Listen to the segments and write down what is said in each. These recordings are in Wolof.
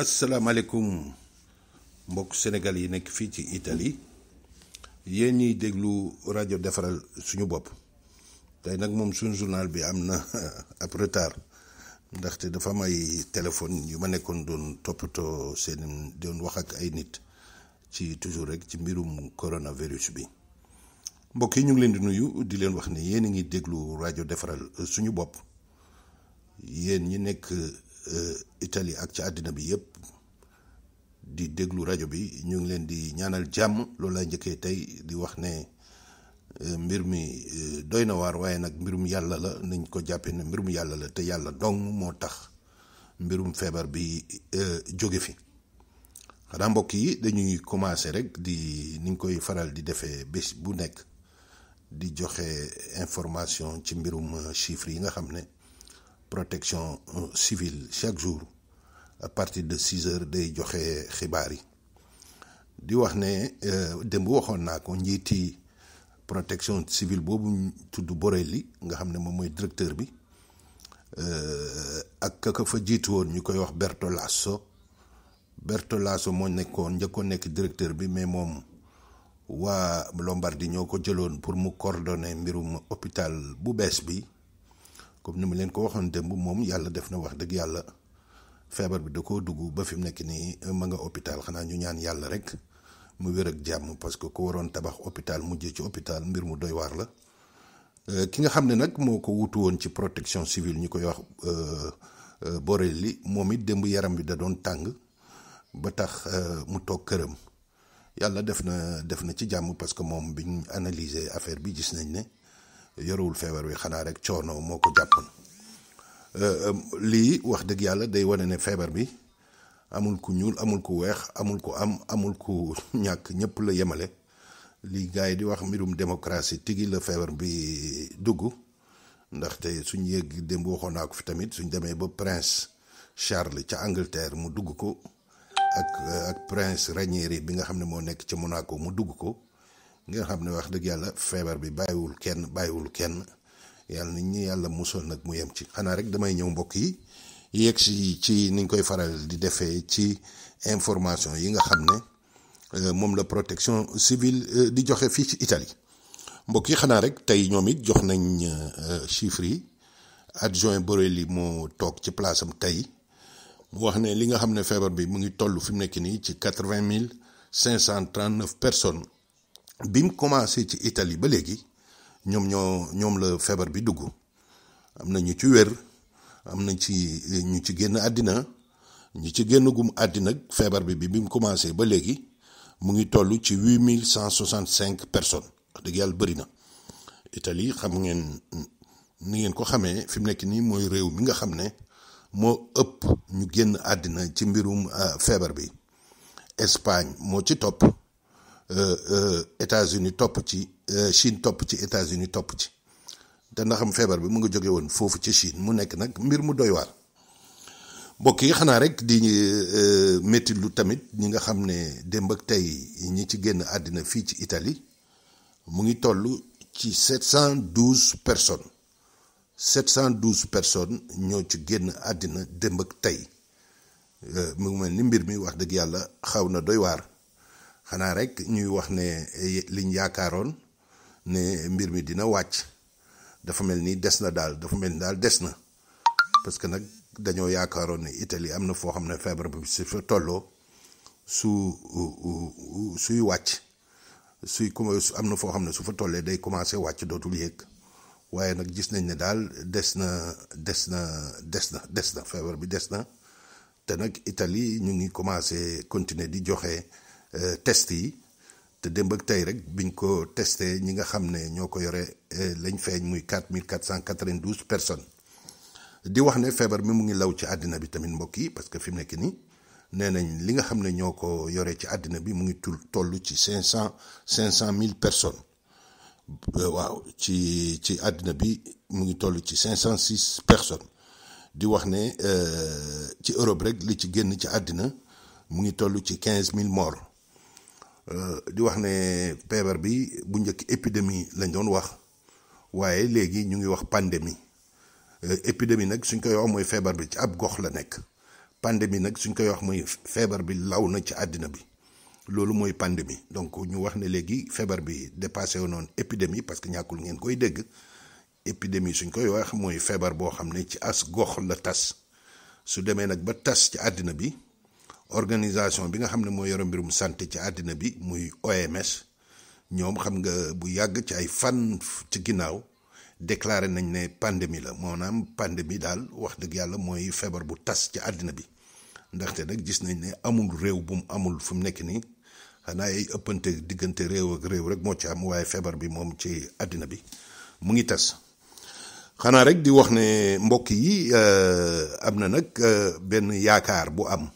asalaamaaleykum mbokk Sénégal yi nekk fii ci itali yéen ñiy déglu rajo defaral suñu bopp tey nag moom suñu journal bi am na ab retard ndaxte dafa am ay téléphone yu ma nekkoon doon toppatoo seen doon wax ak ay nit ci toujours rek ci mbirum coronavirus bi mbokk yi ñu ngi leen di nuyu di leen wax ne yéen a ngi déglu rajo defaral suñu bopp yéen ñi nekk. Euh, Italie ak ci àddina bi yëpp di déglu rajo bi ñu ngi leen di ñaanal jàmm loolu lay njëkkee tey di wax ne euh, mbir mi euh, doy na waar waaye nag mbirum yàlla la nañ ko jàppee ne mbirum yàlla la te yàlla dong moo tax mbirum feebar bi jóge fi xanaa mbokk yi dañuy commencé rek di niñ koy faral di defee bés bu nekk di joxe information ci mbirum chiffres yi nga xam ne protection euh, civile chaque jour à partir de six heures day joxe xibaar yi di wax ne euh, démb waxoon naa ko njiiti protection civile boobu tudd li nga xam ne moom mooy directeur bi euh, ak kaka fa jiitu woon ñu koy wax Bertolaso Bertolaso moo nekkoon njëkkoon nekk directeur bi mais moom waa Lombardi ñoo ko jëloon pour mu coordonner mbirum hôpital bu bees bi comme ni ma leen ko waxoon démb moom yàlla def na wax dëgg yàlla feebar bi da koo dugg ba fi mu nekk nii ma nga hôpital xanaa ñu ñaan yàlla rek mu wér ak jàmm parce que ku waroon tabax hôpital mujjee ci hôpital mbir mu doy waar la euh, ki nga xam ne nag moo ko wutu woon ci protection civile ñu koy wax euh, euh, li moom it dëmb yaram bi da doon tàng ba tax mu toog këram yàlla def na def na ci jàmm parce que moom biñ analyser affaire bi gis nañ ne. yorewul feebar bi xanaa rek coono moo ko jàppoon euh, euh, lii wax dëgg yàlla day wane ne feebar bi amul ku ñuul amul ku weex amul ku am amul ku ñàkk ñëpp la yemale lii gars yi di wax mbirum démocratie tigi la feebar bi dugg ndaxte suñ yéeg démb waxoon naa ko fi tamit suñ demee ba prince Charles ca Angleterre mu dugg ko ak euh, ak prince Ranieri bi nga xam ne moo nekk ca Monaco mu dugg ko. nga xam ne wax dëgg yàlla feebar bi bàyyiwul kenn bàyyiwul kenn yàlla nit ñi yàlla musal nag mu yem ci xanaa rek damay ñëw mbokk yi yegg si ci niñ koy faral di defee ci information yi nga xam ne euh, moom la protection civile euh, di joxe fii ci Italie mbokk yi xanaa rek tey ñoom it jox nañ euh, chiffres yi adjoint Borelli moo toog ci place am tey mu wax ne li nga xam ne feebar bi mu ngi toll fi mu nekk nii ci quatre-vingt mille cinq cent trente-neuf personnes. bi mu commencé ci Italie ba léegi ñoom ñoo ñoom la feebar bi dugg am na ñu ci wér am na ci ñu ci génn àddina ñu ci génn gum àddina feebar bi bi mu commencé ba léegi mu ngi toll ci huit mille cent soixante cinq personnes wax dëgg yàlla bëri na. Italie xam ngeen ni ngeen ko xamee fi mu nekk nii mooy réew mi nga xam ne moo ëpp ñu génn àddina ci mbirum euh, feebar bi Espagne moo ci topp. Euh, euh, États-Unis topp ci euh, Chine topp ci États-Unis topp ci te ndax feebar bi mu ngi jóge woon foofu ci Chine mu nekk nag mbir mu doy waar mbokk yi xanaa rek di métti lu tamit ñi nga xam ne démb ak tey ñi ci génn àddina fii ci itali mu ngi toll ci 712 personnes 712 personnes ñoo ci génn àddina démb ak tey mu mel ni mbir mi wax dëgg yàlla xaw na doy waar. xanaa rek ñuy wax ne eh, liñ yaakaaroon ne mbir mi dina wàcc dafa mel ni des na daal dafa mel ni daal des na parce que nag dañoo yaakaaroon ne Italie am na foo xam ne feebar bi su fa tolloo su suy wàcc suy am na foo xam ne su fa tollee day commencé wàcc dootul yéeg waaye nag gis nañ ne daal des na des na des na des feebar bi des na te nag Italie ñu ngi commencé continuer di joxe. Euh, test yi te démb ak tey rek biñ ko testé ñi nga xam ne ñoo ko yore euh, lañ feeñ muy 4492 personnes di wax ne feebar mi mu ngi law ci àddina bi tamit mbokk yi parce que fi mu nekk nii nee nañ li nga xam ne ñoo ko yore ci àddina bi mu ngi tul toll ci 500 500 mille personnes euh, waaw ci ci àddina bi mu ngi toll ci 506 personnes di wax ne ci Europe rek li ci génn ci àddina mu ngi toll ci 15000 morts. di wax ne feebar bi bu njëkk épidémie lañ doon wax waaye léegi ñu ngi wax pandémie euh, épidémie nag suñ koy wax mooy feebar bi ci ab gox la nekk pandémie nag suñ koy wax mooy feebar bi law na ci àddina bi loolu mooy pandémie donc ñu wax ne léegi feebar bi dépassé wu noonu épidémie parce que ñàkkul ngeen koy dégg épidémie suñ koy wax mooy feebar boo xam ne ci as gox la tas su demee nag ba tas ci àddina bi organisation bi nga xam ne moo yore mbirum santé ci àddina bi muy OMS ñoom xam nga bu yàgg ci ay fan ci ginnaaw déclaré nañ ne pandémie la maanaam pandémie daal wax dëgg yàlla mooy feebar bu tas ci àddina bi ndaxte nag gis nañ ne amul réew bu mu amul fu mu nekk nii xanaa ay ëppante diggante réew ak réew rek moo ci am waaye feebar bi moom ci àddina bi mu ngi tas xanaa rek di wax ne mbokk yi euh, am na nag euh, benn yaakaar bu am.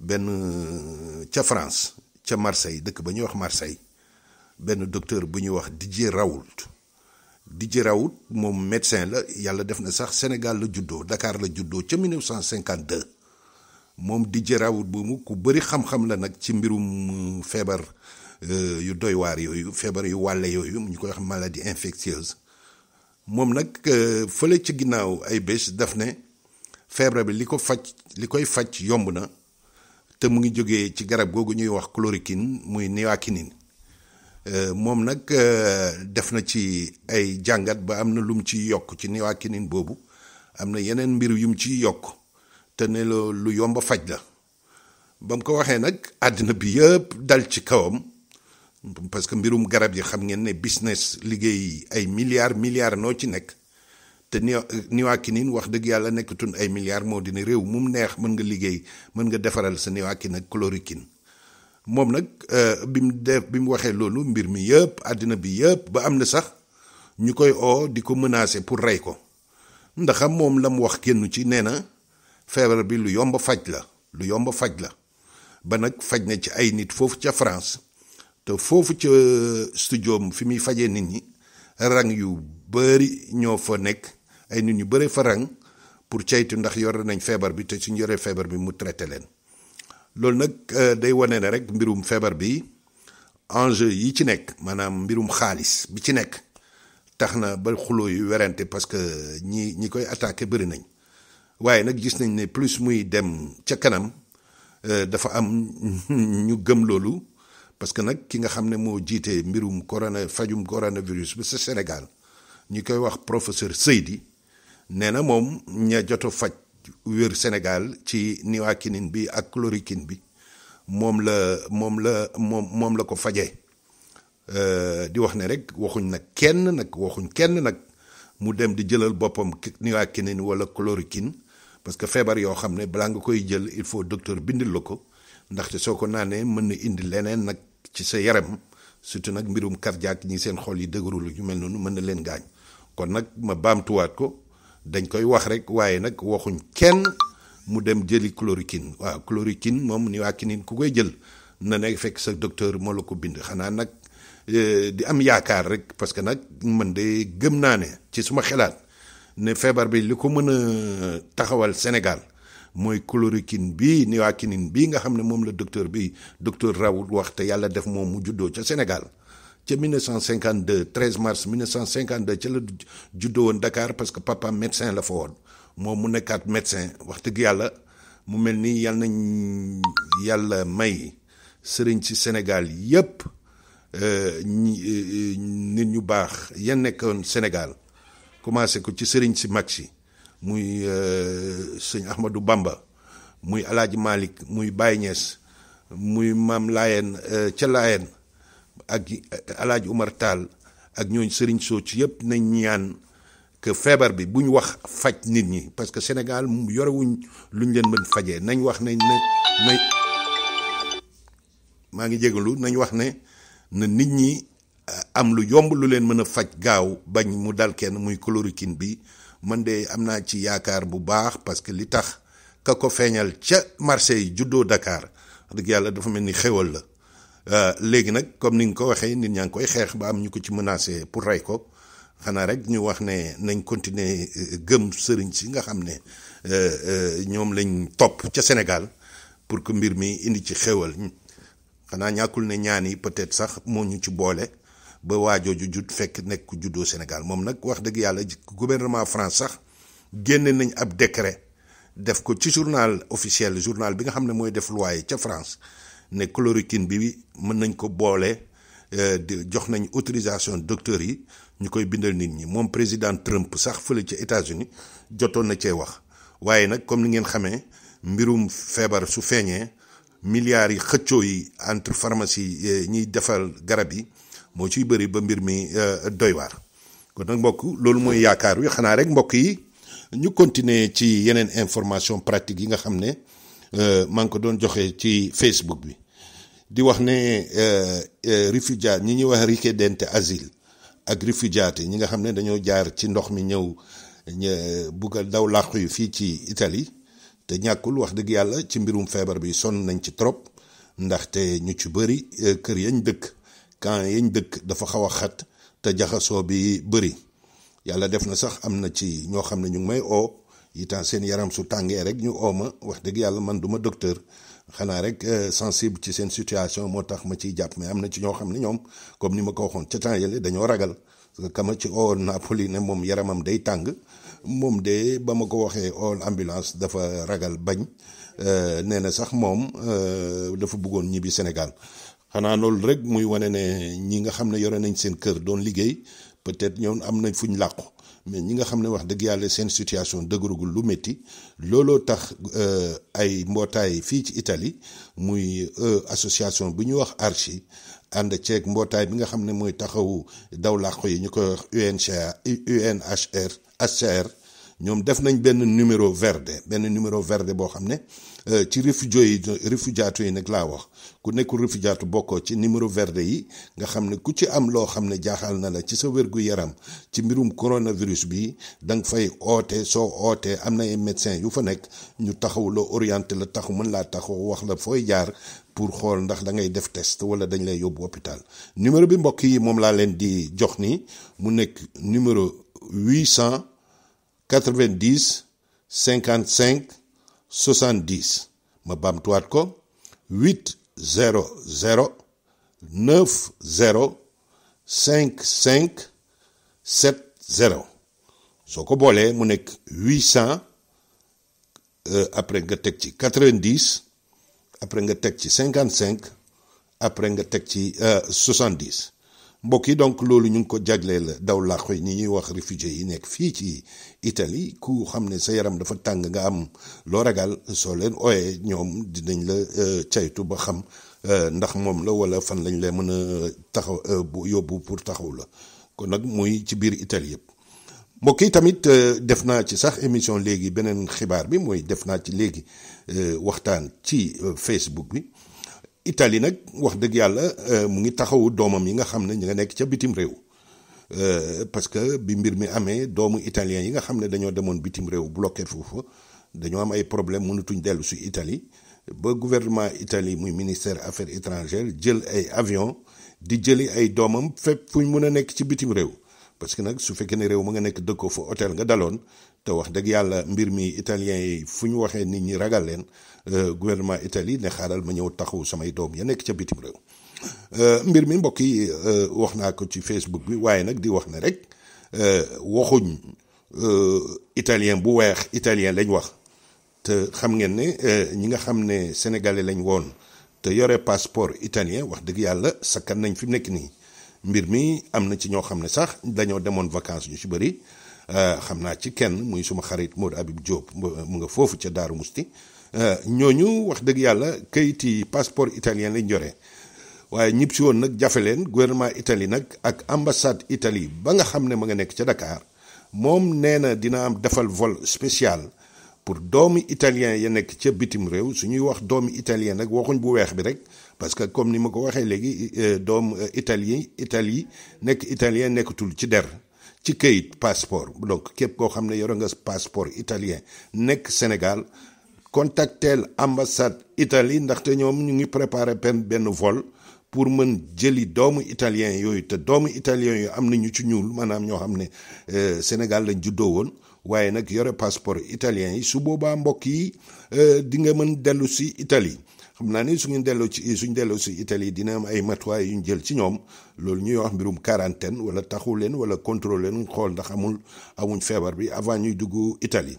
benn euh, ca France ca Marseille dëkk ba ñuy wax Marseille benn docteur bu ñuy wax Didier Raoult Didier Raoult moom médecin la yàlla def na sax Sénégal la juddoo Dakar la juddoo ca 1952 moom Didier Raoult bu mu ku bëri xam-xam la nag ci mbirum euh, feebar euh, yu doy waar yooyu feebar yu wàlle yooyu ñu koy wax maladie infectieuse moom nag fële ci ginnaaw ay bés daf ne feebar bi li ko faj li koy faj yomb na mu ngi jógee ci garab googu ñuy wax chloroquine muy néoakinine euh, moom nag euh, def na ci ay jàngat ba am na lum ci yokk ci néoakinine boobu am na yeneen mbir yu ci yokk te ne la lu yomba faj la ba mu ko waxee nag àddina bi yëpp dal ci kawam parce que mbirum garab yi xam ngeen ne business liggéey ay milliards milliards noo ci nekk te Niwaakinin wax dëgg yàlla nekkatun ay milliards moo dina réew mu neex mën nga liggéey mën nga defaral sa Niwaakin ak chloroquine moom nag euh, bi mu def bi mu waxee loolu mbir mi yëpp àddina bi yëpp ba am na sax ñu koy oo di ko menacer pour rey ko ndax moom la mu wax kenn ci nee na feebar bi lu yomb faj la lu yomba faj la ba nag faj na ci ay nit foofu ca France te foofu ca euh, studio fi muy fajee nit ñi rang yu bari ñoo fa nekk. ay nit ñu bëree fa pour ceytu ndax yore nañ feebar bi te suñ yoree feebar bi mu traité leen loolu nag euh, day wane ne rek mbirum feebar bi enjeu yi ci nekk maanaam mbirum xaalis bi ci nekk tax na ba xuloo yu werante parce que ñi ñi koy attaqué bëri nañ waaye nag gis nañ ne plus muy dem ca kanam euh, dafa am ñu gëm loolu parce que nag ki nga xam ne moo jiitee mbirum corona fajum coronavirus bi sa Sénégal ñu koy wax professeur Seydi nee na moom ña joto faj wér Sénégal ci niwakinin bi ak chloroquine bi moom la moom la moom moom la ko fajee euh, di wax ne rek waxuñ nag kenn nag waxuñ kenn nag mu dem di jëlal boppam niwakinin wala chloroquine parce que feebar yoo xam ne balaa nga koy jël il faut docteur bindil la ko ndaxte soo ko naanee mën na indi leneen nag ci sa yaram surtout nag mbirum cardiaque ñi seen xol yi dëgërul ñu mel noonu mën na leen gaañ kon nag ma baamtuwaat ko. dañ koy wax rek waaye nag waxuñ kenn mu dem jëli chloroquine waaw chloroquine moom ni kinin ku koy jël na ne fekk sa docteur moo la ko bind xanaa nag eh, di am yaakaar rek parce que nag man de gëm naa ne ci suma xelaat ne feebar bi li ko mën a taxawal Sénégal mooy chloroquine bii niwaakinine bii nga xam ne moom la docteur bi docteur Raoult wax te yàlla def moom mu juddoo ca Sénégal ca 1952 13 mars 1952 ca la juddoo woon Dakar parce que papa la fa moom mu nekkaat médecin wax dëgg yàlla mu mel ni yal nañ yàlla may sëriñ ci Sénégal yépp euh, euh, nit ñu baax yan nekkoon Sénégal commencé ko ci sëriñ si mag si muy euh, sëñ Ahmadou Bamba muy Alaaji Malick muy Baye muy maam layen ca Laayeen ak alaaj Umar Taal ak ñooñ sëriñ sooc yëpp nañ ñaan que feebar bi buñ wax faj nit ñi parce que Sénégal yorewuñ luñ leen mën fajee nañ wax ne na maa ngi jégalu nañ wax ne na nit ñi eh, am lu yomb lu leen mën a faj gaaw bañ mu dal kenn muy chloroquine bi man de am naa ci yaakaar bu baax parce que li tax ka ko feeñal ca Marseille juddoo dakaar wax dëgg yàlla dafa mel ni xéwal la Euh, léegi nag comme ni nga ko waxee nit ñaa ngi koy xeex ba am ñu ko ci menacé pour rey ko xanaa rek ñu wax ne nañ continuer euh, gëm sëriñ si nga xam ne euh, ñoom lañ topp ca Sénégal pour que mbir mi indi ci xéewal xanaa ñàkkul ne ñaani yi peut-être sax moo ñu ci boole ba waajooju jut fekk nekk ku juddoo Sénégal moom nag wax dëgg yàlla gouvernement France sax génne nañ ab décret def ko ci journal officiel journal bi nga xam ne mooy def loi ca France ne chloroquine bi mën nañ ko boole euh, di jox nañu autorisation docteur yi ñu koy bindal nit ñi moom président Trump sax fële ci États-Unis jotoon na cee wax waaye nag comme ni ngeen xamee mbirum feebar su feeñee milliards yi xëccoo yi entre pharmacie euh, ñiy defal garab yi moo ciy bëri ba mbir mi euh, doy waar kon nag mbokk loolu mooy yaakaar wi xanaa rek mbokk yi ñu continuer ci yeneen information pratique yi nga xam ne Euh, maa ngi ko doon joxe ci Facebook bi di wax ne euh, euh, réfugiat ñi ñuy wax richiedente asile ak rifugiati ñi nga xam ne dañoo jaar ci ndox mi ñëw bugg daw làqu yi fii ci Italie te ñàkkul wax dëgg yàlla ci mbirum feebar bi sonn nañ ci trop ndaxte ñu ci bëri kër yañ dëkk camp yañ dëkk dafa xaw a xat te jaxasoo bi bëri yàlla def na sax am na ci ñoo xam ne ñu ngi may oo itam seen yaram su tàngee rek ñu ooma wax dëgg yàlla man du ma docteur xanaa rek euh, sensible ci seen situation moo tax ma ciy jàpp mais am na ci ñoo xam ne ñoom comme ni ma ko waxoon ca temps yële dañoo ragal parce que kama ci oo Napoli ne moom yaramam day tàng moom de ba ma ko waxee oo ambulance dafa ragal bañ euh, nee na sax moom euh, dafa buggoon ñibbi Sénégal xanaa loolu rek muy wane ne ñi nga xam ne yore nañ seen kër doon liggéey peut-être ñoom am nañ ñu làqu mais ñi nga xam ne wax dëgg yàlla seen situation dëgërugul lu métti looloo tax euh, ay mbootaay fii ci itali muy euh, association bu ñuy wax ARCHI ànd ceeg mbootaay bi nga xam ne mooy taxawu daw làq yi ñu koy wax UNCA UNHCR ñoom def nañ benn numéro verde benn numéro verde boo xam ne Euh, ci réfugié yi réfugiato yi nag laa wax ku nekkul réfugiato bokkoo ci numéro verde yi nga xam ne ku ci am loo xam ne jaaxal na la ci sa wérgu yaram ci mbirum coronavirus bi da nga fay oote soo ootee am na ay médecins yu fa nekk ñu taxawuloo la orienté la taxu mën laa taxaw wax la fooy jaar pour xool ndax dangay def test wala dañ lay yóbbu hôpital numéro bi mbokk yi moom laa leen di jox nii mu nekk numéro cinquante 55 70 ma bamtuwaat ko 8 0 0 9 0 5 5 7 0 soo ko boolee mu nekk 800 euh, après nga teg ci 90 après nga teg ci cinquante 55 après nga teg ci 70 euh, mbokk yi donc loolu ñu ngi ko jaglee la daw làqu yi ni ñuy wax réfugié yi nekk fii ci Italie ku xam ne sa yaram dafa tàng nga am loo ragal soo leen ooyee ñoom dinañ la euh, caytu ba xam euh, ndax moom la wala fan lañ la mën a euh, taxaw yóbbu pour taxaw la kon nag muy ci biir Italie yëpp mbokk yi tamit def naa ci sax émission léegi beneen xibaar bi mooy def naa ci léegi waxtaan ci Facebook bi itali nag wax dëgg yàlla euh, mu ngi taxawu doomam yi nga xam ne ñu nga nekk ca bitim réew euh, parce que bi mbir mi amee doomu italien yi nga xam ne dañoo demoon bitim réew bloqué foofu dañoo am ay problème mënatuñ dellu si Italie ba gouvernement Italie muy ministère affaire étrangères jël ay avion di jëli ay doomam fépp fu ñu mën a nekk ci bitim réew parce que nag su fekkee ne réew mu nga nekk dëkkoo fa hôtel nga daloon te wax dëgg yàlla mbir mi italien yi fu ñu waxee nit ñi ragal leen euh, gouvernement Italie ne xaaral ma ñëw taxaw samay doom ya nekk ca bitim réew euh, mbir mi mbokk yi euh, wax naa ko ci Facebook bi waaye nag di wax na rek waxuñ italien bu weex italien lañ wax te xam ngeen ne ñi nga xam ne sénégalais lañ woon te yore passeport italien wax dëgg yàlla sakkan nañ fi mu nekk nii mbir mi am na ci ñoo xam ne sax dañoo demoon vacances ñu ci bëri. Euh, xam naa ci kenn muy suma xarit Modou Habib Diop mu nga foofu ca Daaru Musti euh, ñu wax dëgg yàlla kayiti passeport italien lañ joree waaye ñib si woon nag jafe leen gouvernement Italie nag ak ambassade Italie ba nga xam ne ma nga nekk ca dakaar moom nee na dina am defal vol spécial pour doomi italien ya nekk ca bitim réew su ñuy wax doomi italien nag waxuñ bu weex bi rek parce que comme ni ma ko waxee léegi euh, doom italien Italie nekk italien nekkatul ci der ci këyit passeport donc képp koo xam ne yore nga passeport italien nekk Sénégal contacteel ambassade Italie ndaxte ñoom ñu ngi préparé benn benn vol pour mën jëli doomu italien yooyu te doomu italien yooyu am na ñu ci ñuul maanaam ñoo xam ne euh, Sénégal lañ juddoo woon waaye nag yore passeport italien yi su boobaa mbokk yi euh, di nga mën dellu si itali xam naa ni su suñu delloo ci suñ delloo si Italie dina am ay matuwaay yu ñu jël ci ñoom loolu ñuy wax mbirum quarantaine wala taxu leen wala contrôle leen xool ndax amul amuñ feebar bi avant ñuy dugg Italie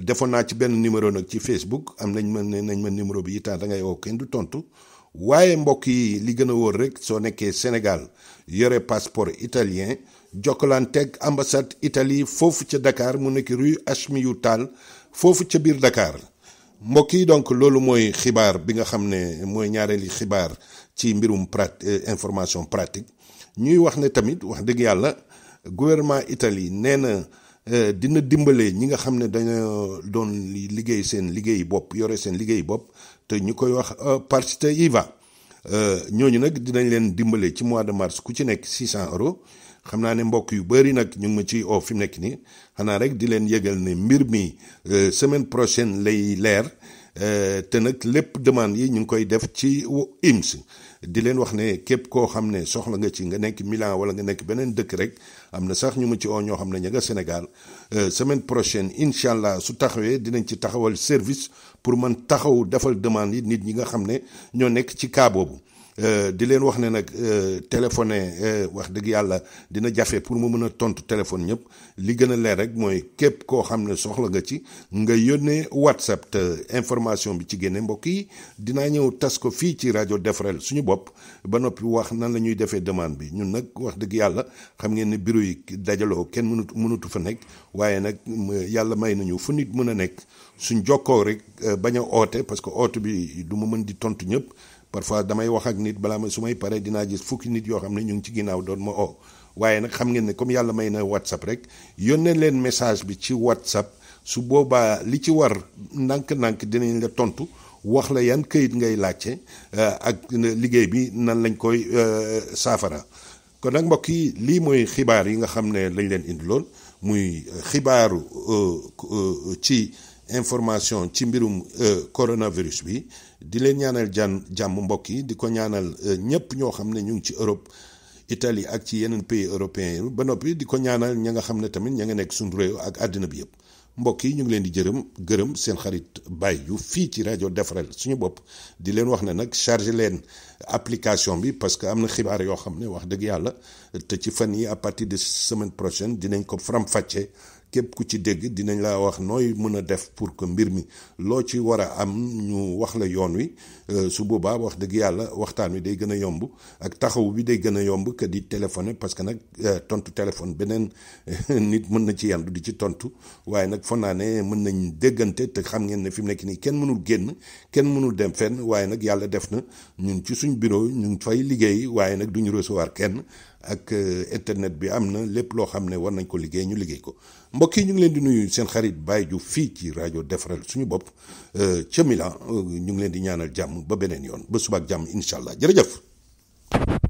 defoon naa ci benn numéro nag ci Facebook am nañ ma nañ ma numéro bi itam dangay ngay woo kenn du tontu waaye mbokk yi li gën a wóor rek soo nekkee Sénégal yore passeport italien jokkalanteeg ambassade Italie foofu ca Dakar mu nekk rue yu Tall foofu ca biir Dakar. mbokk yi donc loolu mooy xibaar bi nga xam ne mooy ñaareeli xibaar ci mbirum prat euh, information pratique ñuy wax ne tamit wax dëgg yàlla gouvernement Italie nee na euh, dina dimbalee ñi nga xam ne dañoo doon liggéey seen liggéey bopp yore seen liggéey bopp te ñu koy wax euh, partita IVA ñooñu nag dinañ leen dimbale ci mois de mars ku ci nekk 600 euros. xam naa ne mbokk yu bëri nag ñu ngi ma ciy fi mu nekk nii xanaa rek di leen yëgal ne mbir mii euh, semaine prochaine lay leer euh, te nag lépp demande yi ñu ngi koy def ci IMS di leen wax ne képp koo xam ne soxla nga ci nga nekk Milan wala nga nekk beneen dëkk rek am na sax ñu ma ci oo ñoo xam ne ña nga Sénégal euh, semaine prochaine incha allah su taxawee dinañ ci taxawal service pour man taxawu defal demande yi nit ñi nga xam ne ñoo nekk ci cas boobu. Euh, di leen wax ne nag euh, téléphoné euh, wax dëgg yàlla dina jafe pour mu mën a tontu téléphone ñëpp li gën a leer rek mooy képp koo xam ne soxla nga ci nga yónnee WhatsApp te information bi ci génne mbokk yi dinaa ñëw tas ko fii ci rajo defaral suñu bopp ba noppi wax nan la ñuy defee demande bi ñun nag wax dëgg yàlla xam ngeen ne bureau yi dajaloo kenn mënut mënatu fa nekk waaye nag yàlla may nañu fu nit mën a nekk suñ jokkoo rek bañ a oote parce que oote bi du ma mën di tontu ñëpp. parfois damay wax ak nit balaa ma su may paree dinaa gis fukki nit yoo xam ne ñu ngi ci ginnaaw doon ma oo waaye nag xam ngeen ne comme yàlla may na whatsapp rek yónnee leen message bi ci whatsapp su boobaa li ci war ndànk-ndànk dinañ la tontu wax la yan këyit ngay laajte eh, ak liggéey bi nan lañ koy eh, saafara kon nag mbokk yi lii mooy xibaar yi nga xam ne lañ leen indi indiloon muy xibaaru eh, ci. information ci mbirum euh, coronavirus bi di leen ñaanal jan jàmm mbokk yi di ko ñaanal euh, ñëpp ñoo xam ne ñu ngi ci Europe Italie ak ci yeneen pays européens ba noppi di ko ñaanal ña nga xam ne tamit ña nga nekk suñu réew ak àddina bi yëpp mbokk yi ñu ngi leen di jërëm gërëm seen xarit bàyyi Diouf fii ci rajo defaral suñu bopp di leen wax ne nag chargé leen application bi parce que am na xibaar yoo xam ne wax dëgg yàlla te ci fan yi à partir de semaine prochaine dinañ ko faram-fàccee. képp ku ci dégg dinañ laa wax nooy mën a def pour que mbir mi loo ci war a am ñu wax la yoon wi euh, su boobaa wax dëgg yàlla waxtaan wi day gën a yomb ak taxaw bi day gën a yomb que di téléphoner parce que nag euh, tontu téléphone beneen nit mën na ci yandu di ci tontu waaye nag foog naa ne mën nañ déggante te xam ngeen ne fi mu nekk nii kenn mënul génn kenn mënul dem fenn waaye nag yàlla def na ñun ci suñ bureau ñu ngi fay liggéey waaye nag duñu recevoir kenn. ak euh, internet bi am na lépp loo xam ne war nañ ko liggéey ñu liggéey ko mbokk yi ñu ngi leen di nuyu seen xarit bàyyi Diouf fii ci rajo defaral suñu bopp euh, ca Milan euh, ñu ngi leen di ñaanal jàmm ba beneen yoon ba subaak jàmm incha allah jërëjëf.